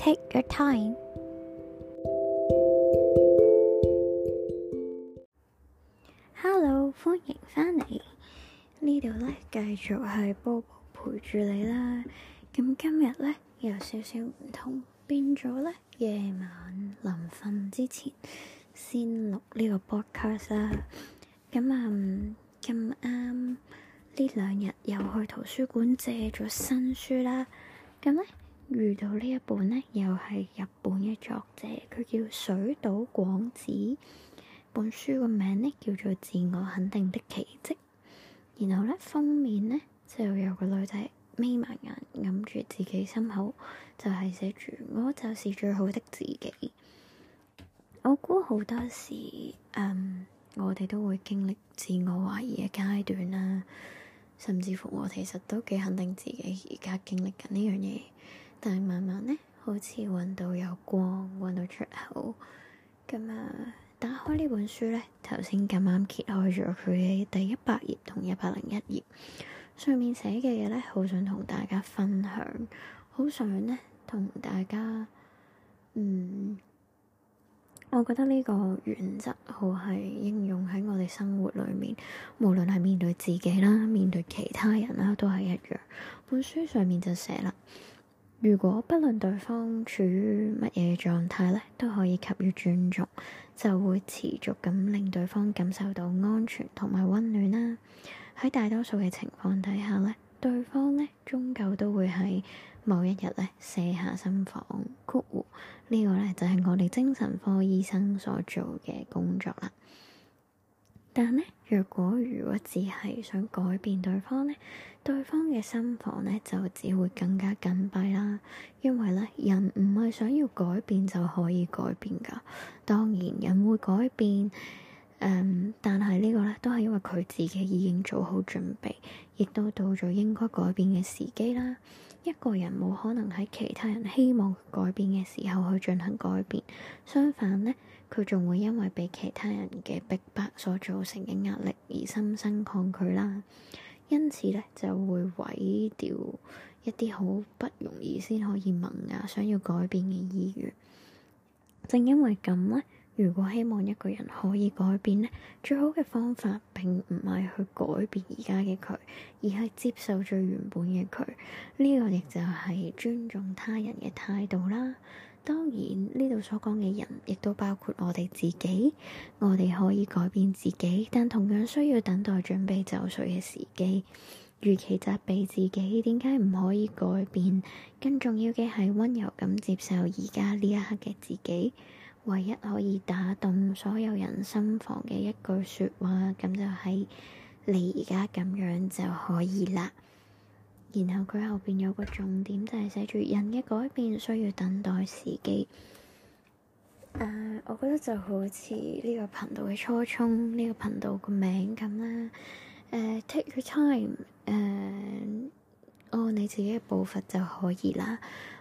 Take your time. Hello，歡迎返嚟呢度咧，繼續係 Bobo 陪住你啦。咁今日咧有少少唔同，變咗咧夜晚臨瞓之前先錄呢個 podcast 啦。咁啊，咁啱呢兩日又去圖書館借咗新書啦。咁咧。遇到呢一本呢，又係日本嘅作者，佢叫水島廣子。本書個名呢叫做《自我肯定的奇蹟》。然後呢，封面呢就有個女仔眯埋眼，揞住自己心口，就係、是、寫住我就是最好的自己。我估好多時，嗯，我哋都會經歷自我懷疑嘅階段啦，啊。甚至乎，我其實都幾肯定自己而家經歷緊呢樣嘢。但慢慢咧，好似揾到有光，揾到出口咁啊！打開呢本書咧，頭先咁啱揭開咗佢嘅第一百頁同一百零一頁上面寫嘅嘢咧，好想同大家分享，好想咧同大家嗯，我覺得呢個原則好係應用喺我哋生活裏面，無論係面對自己啦，面對其他人啦，都係一樣。本書上面就寫啦。如果不論對方處於乜嘢狀態咧，都可以給予尊重，就會持續咁令對方感受到安全同埋溫暖啦。喺大多數嘅情況底下咧，對方咧終究都會喺某一日咧卸下心防。括弧、這個、呢個咧就係、是、我哋精神科醫生所做嘅工作啦。但呢，如果如果只係想改變對方呢，對方嘅心房呢，就只會更加緊閉啦，因為呢，人唔係想要改變就可以改變㗎，當然人會改變。Um, 但係呢個呢都係因為佢自己已經做好準備，亦都到咗應該改變嘅時機啦。一個人冇可能喺其他人希望改變嘅時候去進行改變，相反呢，佢仲會因為被其他人嘅逼迫所造成嘅壓力而深深抗拒啦。因此呢，就會毀掉一啲好不容易先可以萌芽、想要改變嘅意願。正因為咁呢。如果希望一個人可以改變咧，最好嘅方法並唔係去改變而家嘅佢，而係接受最原本嘅佢。呢個亦就係尊重他人嘅態度啦。當然，呢度所講嘅人，亦都包括我哋自己。我哋可以改變自己，但同樣需要等待準備就緒嘅時機。與其責備自己點解唔可以改變，更重要嘅係溫柔咁接受而家呢一刻嘅自己。唯一可以打動所有人心房嘅一句說話，咁就係你而家咁樣就可以啦。然後佢後邊有個重點，就係寫住人嘅改變需要等待時機。Uh, 我覺得就好似呢個頻道嘅初衷，呢個頻道個名咁啦。Uh, take your time，uh, 哦、你自己嘅步伐就可以啦。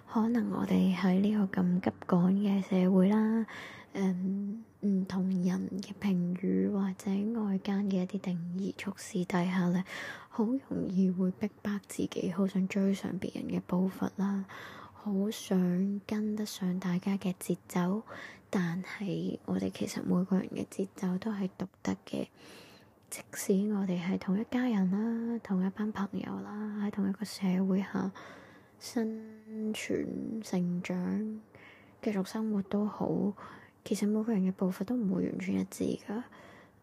可能我哋喺呢個咁急趕嘅社會啦，嗯、唔同人嘅評語或者外間嘅一啲定義促使底下呢，好容易會逼迫自己，好想追上別人嘅步伐啦，好想跟得上大家嘅節奏。但係我哋其實每個人嘅節奏都係獨特嘅。即使我哋係同一家人啦，同一班朋友啦，喺同一個社會下生存、成長、繼續生活都好，其實每個人嘅步伐都唔會完全一致噶，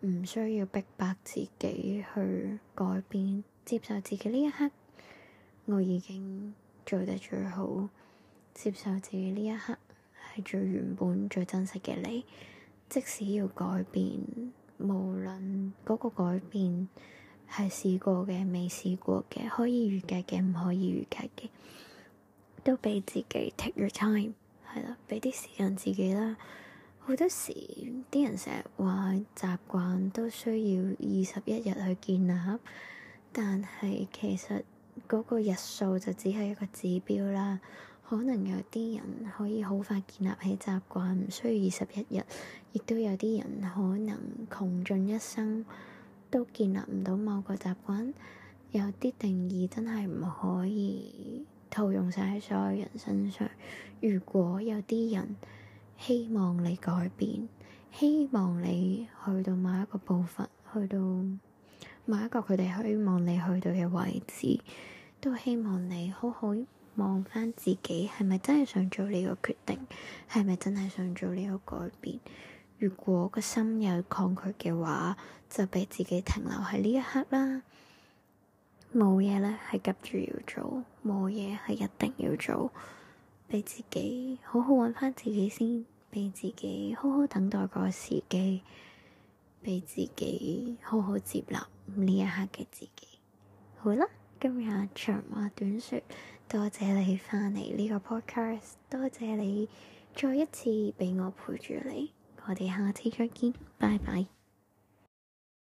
唔需要逼迫自己去改變，接受自己呢一刻，我已經做得最好，接受自己呢一刻係最原本、最真實嘅你，即使要改變。無論嗰個改變係試過嘅、未試過嘅、可以預計嘅、唔可以預計嘅，都俾自己 take your time，係啦，俾啲時間自己啦。好多時啲人成日話習慣都需要二十一日去建立，但係其實嗰個日數就只係一個指標啦。可能有啲人可以好快建立起習慣，唔需要二十一日；亦都有啲人可能窮盡一生都建立唔到某個習慣。有啲定義真係唔可以套用晒喺所有人身上。如果有啲人希望你改變，希望你去到某一個部分，去到某一個佢哋希望你去到嘅位置，都希望你好好。望返自己係咪真係想做呢個決定，係咪真係想做呢個改變？如果個心有抗拒嘅話，就畀自己停留喺呢一刻啦。冇嘢咧，係急住要做，冇嘢係一定要做，畀自己好好揾返自己先，畀自己好好等待個時機，畀自己好好接納呢一刻嘅自己。好啦。今日長話短說，多謝你翻嚟呢個 podcast，多謝你再一次畀我陪住你，我哋下次再見，拜拜。